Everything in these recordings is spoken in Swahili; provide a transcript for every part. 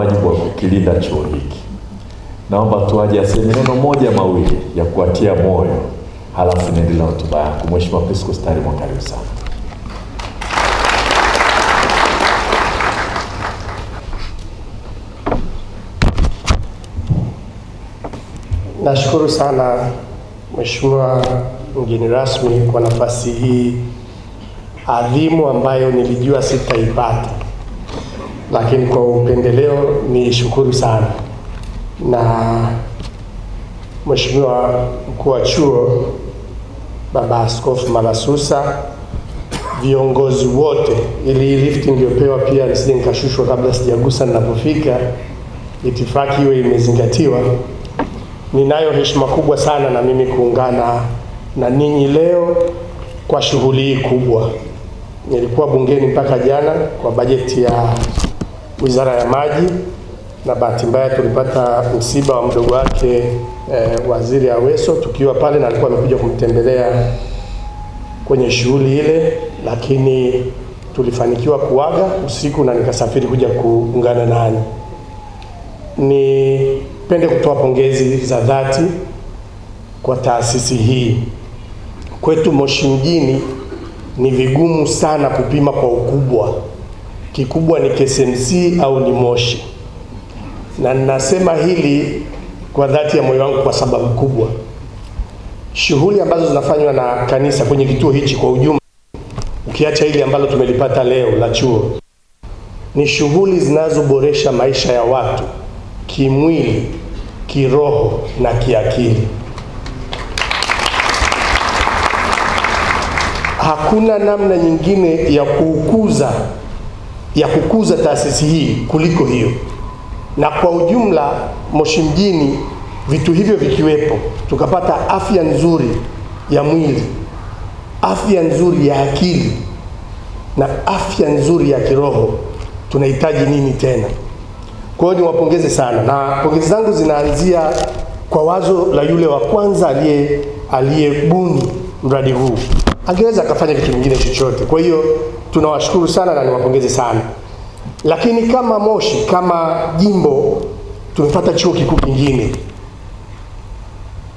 Wajibu wa kukilinda chuo hiki, naomba tuaje aseme neno moja mawili ya kuatia moyo, halafu niendelee na hotuba yangu. Mheshimiwa Prisco Starimo, karibu sana. Nashukuru sana Mheshimiwa mgeni rasmi kwa nafasi hii adhimu ambayo nilijua sitaipata lakini kwa upendeleo ni shukuru sana na Mheshimiwa mkuu wa chuo Baba Askofu Malasusa, viongozi wote, ili hii lifti niliyopewa pia nisije nikashushwa kabla sijagusa ninapofika, itifaki hiyo imezingatiwa. Ninayo heshima kubwa sana na mimi kuungana na ninyi leo kwa shughuli hii kubwa. Nilikuwa bungeni mpaka jana kwa bajeti ya Wizara ya Maji, na bahati mbaya tulipata msiba wa mdogo wake e, Waziri Aweso tukiwa pale, na alikuwa amekuja kumtembelea kwenye shughuli ile, lakini tulifanikiwa kuaga usiku na nikasafiri kuja kuungana nanyi. Nipende kutoa pongezi za dhati kwa taasisi hii. Kwetu Moshi mjini ni vigumu sana kupima kwa ukubwa kikubwa ni KSMC au ni Moshi, na ninasema hili kwa dhati ya moyo wangu kwa sababu kubwa. Shughuli ambazo zinafanywa na kanisa kwenye kituo hichi kwa ujumla, ukiacha hili ambalo tumelipata leo la chuo, ni shughuli zinazoboresha maisha ya watu kimwili, kiroho na kiakili. Hakuna namna nyingine ya kuukuza ya kukuza taasisi hii kuliko hiyo. Na kwa ujumla Moshi mjini, vitu hivyo vikiwepo, tukapata afya nzuri ya mwili, afya nzuri ya akili na afya nzuri ya kiroho, tunahitaji nini tena? Kwa hiyo niwapongeze sana, na pongezi zangu zinaanzia kwa wazo la yule wa kwanza aliyebuni mradi huu angeweza akafanya kitu kingine chochote. Kwa hiyo tunawashukuru sana na niwapongeze sana, lakini kama Moshi kama jimbo tumepata chuo kikuu kingine,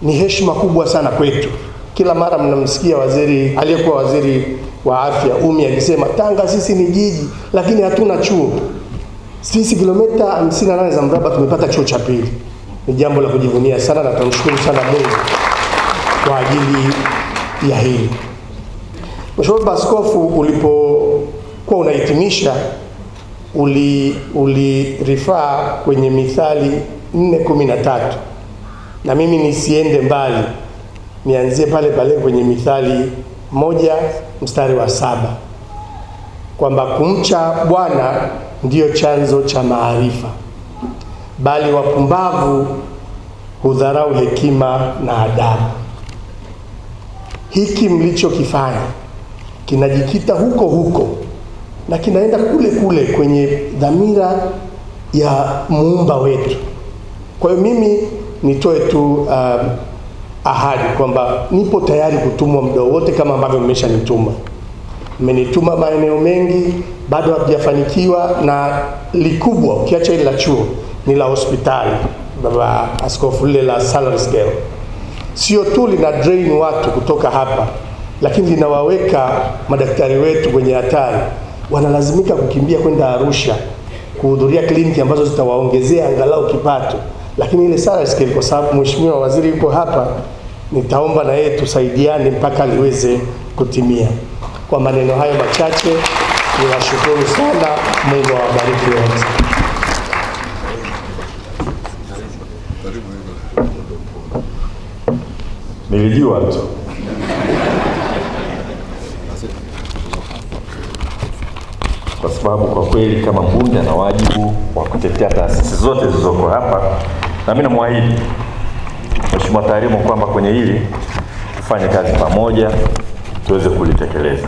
ni heshima kubwa sana kwetu. Kila mara mnamsikia waziri aliyekuwa waziri wa afya Umi akisema Tanga sisi ni jiji lakini hatuna chuo. Sisi kilomita 58 za mraba tumepata chuo cha pili, ni jambo la kujivunia sana na tunamshukuru sana Mungu kwa ajili ya hili. Mheshimiwa Baba Askofu, ulipokuwa unahitimisha uli ulirifaa kwenye Mithali 4:13 na mimi nisiende mbali, nianzie pale pale kwenye Mithali moja mstari wa saba kwamba kumcha Bwana ndiyo chanzo cha maarifa, bali wapumbavu hudharau hekima na adabu. Hiki mlichokifanya kinajikita huko huko na kinaenda kule kule kwenye dhamira ya muumba wetu. Kwa hiyo mimi nitoe tu um, ahadi kwamba nipo tayari kutumwa muda wote kama ambavyo mmeshanituma. Mmenituma maeneo mengi, bado hatujafanikiwa, na likubwa ukiacha ile la chuo ni la hospitali, baba askofu, lile la salary scale sio tu lina drain watu kutoka hapa lakini linawaweka madaktari wetu kwenye hatari. Wanalazimika kukimbia kwenda Arusha kuhudhuria kliniki ambazo zitawaongezea angalau kipato, lakini ile sara isikeli. Kwa sababu mheshimiwa waziri yuko hapa, nitaomba na yeye tusaidiane mpaka liweze kutimia. Kwa maneno hayo machache, niwashukuru sana. Mungu awabariki wote. Nilijua tu kwa sababu kwa kweli kama mbunge ana wajibu wa kutetea taasisi zote zilizoko hapa, na mimi namwahidi Mheshimiwa Tarimo kwamba kwenye hili tufanye kazi pamoja tuweze kulitekeleza.